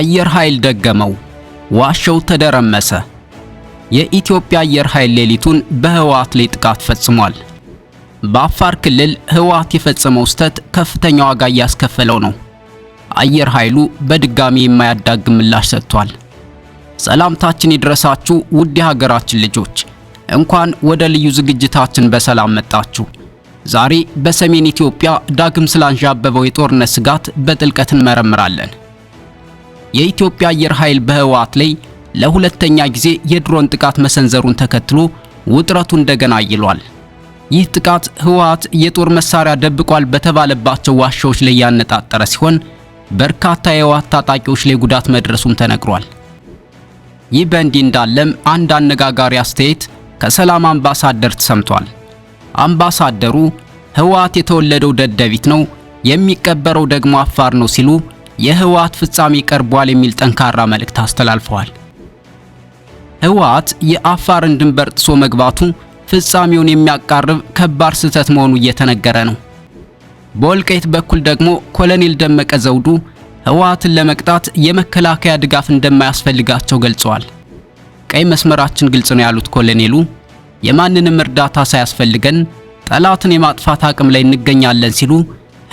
አየር ኃይል ደገመው። ዋሻው ተደረመሰ። የኢትዮጵያ አየር ኃይል ሌሊቱን በህወሓት ላይ ጥቃት ፈጽሟል። በአፋር ክልል ህወሓት የፈጸመው ስህተት ከፍተኛ ዋጋ እያስከፈለው ነው። አየር ኃይሉ በድጋሚ የማያዳግም ምላሽ ሰጥቷል። ሰላምታችን ይድረሳችሁ ውድ የሀገራችን ልጆች፣ እንኳን ወደ ልዩ ዝግጅታችን በሰላም መጣችሁ። ዛሬ በሰሜን ኢትዮጵያ ዳግም ስላንዣበበው የጦርነት ስጋት በጥልቀት እንመረምራለን። የኢትዮጵያ አየር ኃይል በህወሓት ላይ ለሁለተኛ ጊዜ የድሮን ጥቃት መሰንዘሩን ተከትሎ ውጥረቱ እንደገና ይሏል። ይህ ጥቃት ህወሓት የጦር መሳሪያ ደብቋል በተባለባቸው ዋሻዎች ላይ ያነጣጠረ ሲሆን በርካታ የህወሓት ታጣቂዎች ላይ ጉዳት መድረሱም ተነግሯል። ይህ በእንዲህ እንዳለም አንድ አነጋጋሪ አስተያየት ከሰላም አምባሳደር ተሰምቷል። አምባሳደሩ ህወሓት የተወለደው ደደቢት ነው የሚቀበረው ደግሞ አፋር ነው ሲሉ የህወሓት ፍጻሜ ቀርቧል የሚል ጠንካራ መልእክት አስተላልፈዋል። ህወሓት የአፋርን ድንበር ጥሶ መግባቱ ፍጻሜውን የሚያቃርብ ከባድ ስህተት መሆኑ እየተነገረ ነው። በወልቃይት በኩል ደግሞ ኮሎኔል ደመቀ ዘውዱ ህወሓትን ለመቅጣት የመከላከያ ድጋፍ እንደማያስፈልጋቸው ገልጸዋል። ቀይ መስመራችን ግልጽ ነው ያሉት ኮሎኔሉ የማንንም እርዳታ ሳያስፈልገን ጠላትን የማጥፋት አቅም ላይ እንገኛለን ሲሉ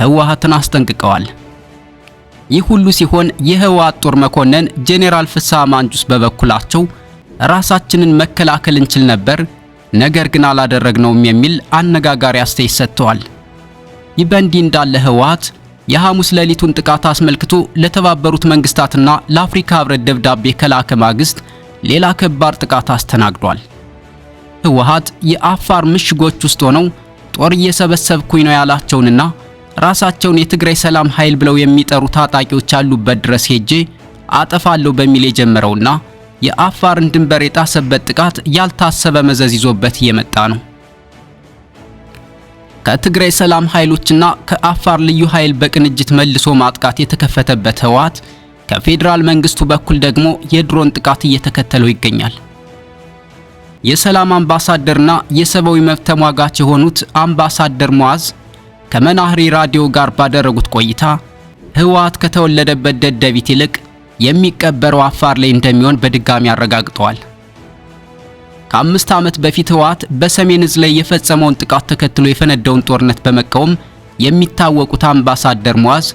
ህወሓትን አስጠንቅቀዋል። ይህ ሁሉ ሲሆን የህወሓት ጦር መኮንን ጄኔራል ፍስሐ ማንጁስ በበኩላቸው ራሳችንን መከላከል እንችል ነበር፣ ነገር ግን አላደረግነውም የሚል አነጋጋሪ አስተያየት ሰጥተዋል። ይህ በእንዲህ እንዳለ ህወሓት የሐሙስ ሌሊቱን ጥቃት አስመልክቶ ለተባበሩት መንግስታትና ለአፍሪካ ህብረት ደብዳቤ ከላከ ማግስት ሌላ ከባድ ጥቃት አስተናግዷል። ህወሓት የአፋር ምሽጎች ውስጥ ሆነው ጦር እየሰበሰብኩኝ ነው ያላቸውንና ራሳቸውን የትግራይ ሰላም ኃይል ብለው የሚጠሩ ታጣቂዎች አሉበት ድረስ ሄጄ አጠፋለሁ በሚል የጀመረውና የአፋርን ድንበር የጣሰበት ጥቃት ያልታሰበ መዘዝ ይዞበት እየመጣ ነው። ከትግራይ ሰላም ኃይሎችና ከአፋር ልዩ ኃይል በቅንጅት መልሶ ማጥቃት የተከፈተበት ህወሓት ከፌዴራል መንግስቱ በኩል ደግሞ የድሮን ጥቃት እየተከተለው ይገኛል። የሰላም አምባሳደርና የሰብአዊ መብት ተሟጋች የሆኑት አምባሳደር ሙዓዝ ከመናህሪ ራዲዮ ጋር ባደረጉት ቆይታ ህወሓት ከተወለደበት ደደቢት ይልቅ የሚቀበረው አፋር ላይ እንደሚሆን በድጋሚ አረጋግጠዋል። ከአምስት ዓመት በፊት ህወሓት በሰሜን ዝ ላይ የፈጸመውን ጥቃት ተከትሎ የፈነደውን ጦርነት በመቃወም የሚታወቁት አምባሳደር ሙዓዝ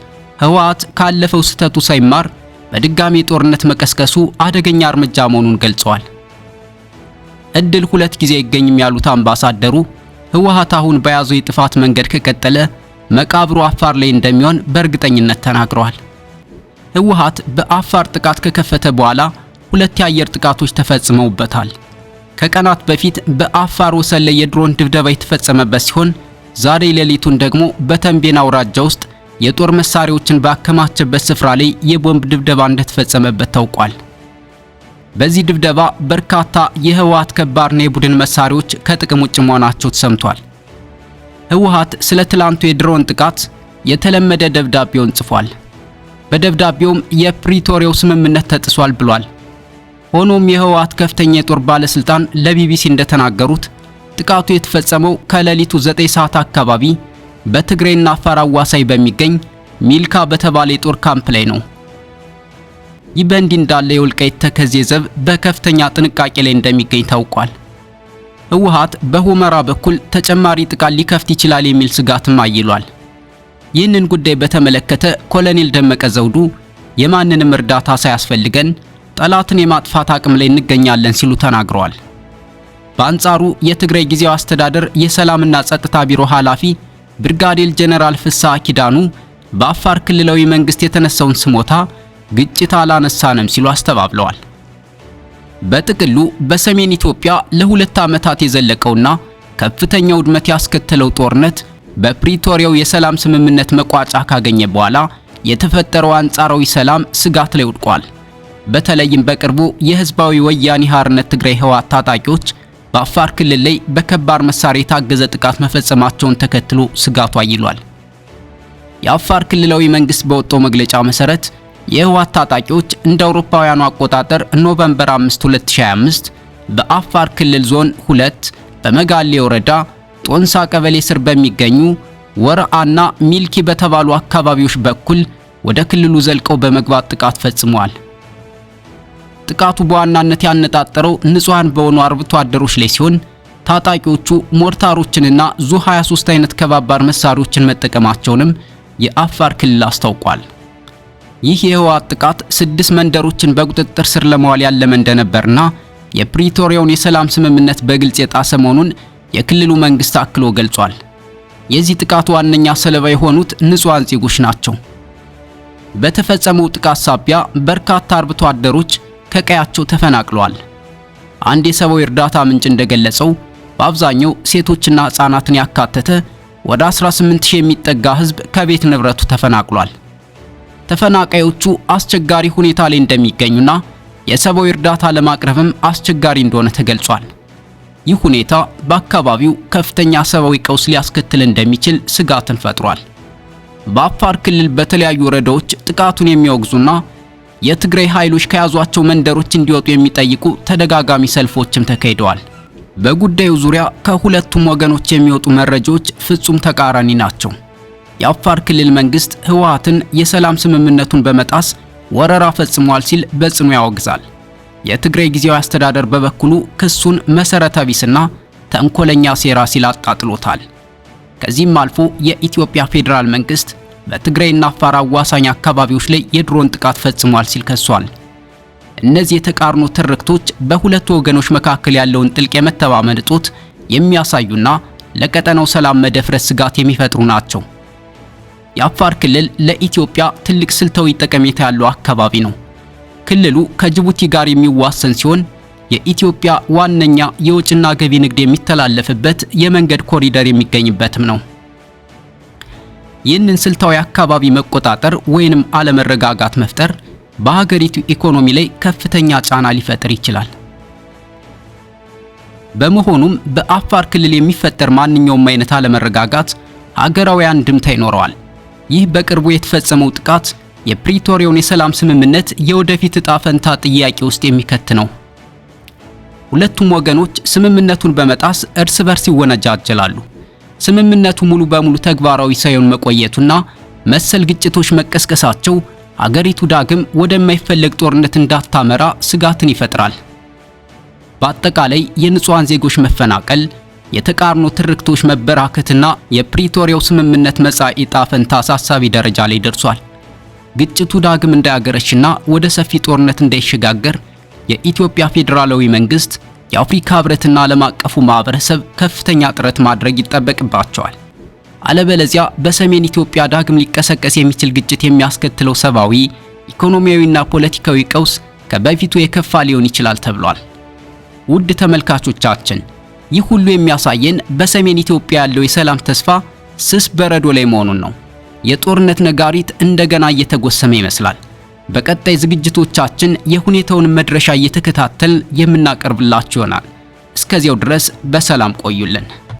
ህወሓት ካለፈው ስህተቱ ሳይማር በድጋሚ ጦርነት መቀስቀሱ አደገኛ እርምጃ መሆኑን ገልጸዋል። እድል ሁለት ጊዜ አይገኝም ያሉት አምባሳደሩ ህወሓት አሁን በያዘው የጥፋት መንገድ ከቀጠለ መቃብሩ አፋር ላይ እንደሚሆን በእርግጠኝነት ተናግረዋል። ህወሓት በአፋር ጥቃት ከከፈተ በኋላ ሁለት የአየር ጥቃቶች ተፈጽመውበታል። ከቀናት በፊት በአፋር ወሰን ላይ የድሮን ድብደባ የተፈጸመበት ሲሆን ዛሬ ሌሊቱን ደግሞ በተንቤን አውራጃ ውስጥ የጦር መሳሪያዎችን ባከማቸበት ስፍራ ላይ የቦምብ ድብደባ እንደተፈጸመበት ታውቋል። በዚህ ድብደባ በርካታ የህወሓት ከባድና የቡድን መሳሪያዎች ከጥቅም ውጭ መሆናቸው ተሰምቷል። ህወሓት ስለ ትላንቱ የድሮን ጥቃት የተለመደ ደብዳቤውን ጽፏል። በደብዳቤውም የፕሪቶሪያው ስምምነት ተጥሷል ብሏል። ሆኖም የህወሓት ከፍተኛ የጦር ባለስልጣን ለቢቢሲ እንደተናገሩት ጥቃቱ የተፈጸመው ከሌሊቱ 9 ሰዓት አካባቢ በትግሬና አፋር አዋሳኝ በሚገኝ ሚልካ በተባለ የጦር ካምፕ ላይ ነው። ይህ በእንዲህ እንዳለ የወልቃይት ተከዜ ዘብ በከፍተኛ ጥንቃቄ ላይ እንደሚገኝ ታውቋል። ህወሓት በሁመራ በኩል ተጨማሪ ጥቃት ሊከፍት ይችላል የሚል ስጋትም አይሏል። ይህንን ጉዳይ በተመለከተ ኮሎኔል ደመቀ ዘውዱ የማንንም እርዳታ ሳያስፈልገን ጠላትን የማጥፋት አቅም ላይ እንገኛለን ሲሉ ተናግረዋል። በአንጻሩ የትግራይ ጊዜያዊ አስተዳደር የሰላምና ጸጥታ ቢሮ ኃላፊ ብርጋዴር ጄኔራል ፍስሐ ኪዳኑ በአፋር ክልላዊ መንግስት የተነሳውን ስሞታ ግጭት አላነሳንም ሲሉ አስተባብለዋል። በጥቅሉ በሰሜን ኢትዮጵያ ለሁለት ዓመታት የዘለቀውና ከፍተኛ ውድመት ያስከተለው ጦርነት በፕሪቶሪያው የሰላም ስምምነት መቋጫ ካገኘ በኋላ የተፈጠረው አንጻራዊ ሰላም ስጋት ላይ ወድቋል። በተለይም በቅርቡ የህዝባዊ ወያኔ ሓርነት ትግራይ ህወሓት ታጣቂዎች በአፋር ክልል ላይ በከባድ መሳሪያ የታገዘ ጥቃት መፈጸማቸውን ተከትሎ ስጋቱ አይሏል። የአፋር ክልላዊ መንግስት በወጣው መግለጫ መሰረት የህወሓት ታጣቂዎች እንደ አውሮፓውያኑ አቆጣጠር ኖቬምበር 5 2025 በአፋር ክልል ዞን 2 በመጋሌ ወረዳ ጦንሳ ቀበሌ ስር በሚገኙ ወርአና ሚልኪ በተባሉ አካባቢዎች በኩል ወደ ክልሉ ዘልቀው በመግባት ጥቃት ፈጽመዋል። ጥቃቱ በዋናነት ያነጣጠረው ንጹሃን በሆኑ አርብቶ አደሮች ላይ ሲሆን ታጣቂዎቹ ሞርታሮችንና ዙ 23 አይነት ከባባር መሳሪያዎችን መጠቀማቸውንም የአፋር ክልል አስታውቋል። ይህ የህወሓት ጥቃት ስድስት መንደሮችን በቁጥጥር ስር ለመዋል ያለመ እንደነበርና የፕሪቶሪያውን የሰላም ስምምነት በግልጽ የጣሰ መሆኑን የክልሉ መንግስት አክሎ ገልጿል። የዚህ ጥቃት ዋነኛ ሰለባ የሆኑት ንጹሃን ዜጎች ናቸው። በተፈጸመው ጥቃት ሳቢያ በርካታ አርብቶ አደሮች ከቀያቸው ተፈናቅለዋል። አንድ የሰብአዊ እርዳታ ምንጭ እንደገለጸው በአብዛኛው ሴቶችና ህጻናትን ያካተተ ወደ 18000 የሚጠጋ ህዝብ ከቤት ንብረቱ ተፈናቅሏል። ተፈናቃዮቹ አስቸጋሪ ሁኔታ ላይ እንደሚገኙና የሰብአዊ እርዳታ ለማቅረብም አስቸጋሪ እንደሆነ ተገልጿል። ይህ ሁኔታ በአካባቢው ከፍተኛ ሰብአዊ ቀውስ ሊያስከትል እንደሚችል ስጋትን ፈጥሯል። በአፋር ክልል በተለያዩ ወረዳዎች ጥቃቱን የሚያወግዙና የትግራይ ኃይሎች ከያዟቸው መንደሮች እንዲወጡ የሚጠይቁ ተደጋጋሚ ሰልፎችም ተካሂደዋል። በጉዳዩ ዙሪያ ከሁለቱም ወገኖች የሚወጡ መረጃዎች ፍጹም ተቃራኒ ናቸው። የአፋር ክልል መንግስት ህወሓትን የሰላም ስምምነቱን በመጣስ ወረራ ፈጽሟል ሲል በጽኑ ያወግዛል። የትግራይ ጊዜያዊ አስተዳደር በበኩሉ ክሱን መሰረተ ቢስና ተንኮለኛ ሴራ ሲል አጣጥሎታል። ከዚህም አልፎ የኢትዮጵያ ፌዴራል መንግስት በትግራይና አፋር አዋሳኝ አካባቢዎች ላይ የድሮን ጥቃት ፈጽሟል ሲል ከሷል። እነዚህ የተቃርኖ ትርክቶች በሁለቱ ወገኖች መካከል ያለውን ጥልቅ የመተማመን እጦት የሚያሳዩና ለቀጠናው ሰላም መደፍረስ ስጋት የሚፈጥሩ ናቸው። የአፋር ክልል ለኢትዮጵያ ትልቅ ስልታዊ ጠቀሜታ ያለው አካባቢ ነው። ክልሉ ከጅቡቲ ጋር የሚዋሰን ሲሆን የኢትዮጵያ ዋነኛ የውጭና ገቢ ንግድ የሚተላለፍበት የመንገድ ኮሪደር የሚገኝበትም ነው። ይህንን ስልታዊ አካባቢ መቆጣጠር ወይንም አለመረጋጋት መፍጠር በሀገሪቱ ኢኮኖሚ ላይ ከፍተኛ ጫና ሊፈጥር ይችላል። በመሆኑም በአፋር ክልል የሚፈጠር ማንኛውም አይነት አለመረጋጋት ሀገራዊ አንድምታ ይኖረዋል። ይህ በቅርቡ የተፈጸመው ጥቃት የፕሪቶሪያውን የሰላም ስምምነት የወደፊት ዕጣ ፈንታ ጥያቄ ውስጥ የሚከት ነው። ሁለቱም ወገኖች ስምምነቱን በመጣስ እርስ በርስ ይወነጃጀላሉ። ስምምነቱ ሙሉ በሙሉ ተግባራዊ ሳይሆን መቆየቱና መሰል ግጭቶች መቀስቀሳቸው አገሪቱ ዳግም ወደማይፈለግ ጦርነት እንዳታመራ ስጋትን ይፈጥራል። በአጠቃላይ የንጹሃን ዜጎች መፈናቀል የተቃርኖ ትርክቶች መበራከትና የፕሪቶሪያው ስምምነት መጻኢ ዕጣ ፈንታ አሳሳቢ ደረጃ ላይ ደርሷል። ግጭቱ ዳግም እንዳያገረሽና ወደ ሰፊ ጦርነት እንዳይሸጋገር የኢትዮጵያ ፌዴራላዊ መንግስት የአፍሪካ ህብረትና ዓለም አቀፉ ማህበረሰብ ከፍተኛ ጥረት ማድረግ ይጠበቅባቸዋል። አለበለዚያ በሰሜን ኢትዮጵያ ዳግም ሊቀሰቀስ የሚችል ግጭት የሚያስከትለው ሰብአዊ፣ ኢኮኖሚያዊና ፖለቲካዊ ቀውስ ከበፊቱ የከፋ ሊሆን ይችላል ተብሏል። ውድ ተመልካቾቻችን ይህ ሁሉ የሚያሳየን በሰሜን ኢትዮጵያ ያለው የሰላም ተስፋ ስስ በረዶ ላይ መሆኑን ነው። የጦርነት ነጋሪት እንደገና እየተጎሰመ ይመስላል። በቀጣይ ዝግጅቶቻችን የሁኔታውን መድረሻ እየተከታተል የምናቀርብላችሁ ይሆናል። እስከዚያው ድረስ በሰላም ቆዩልን።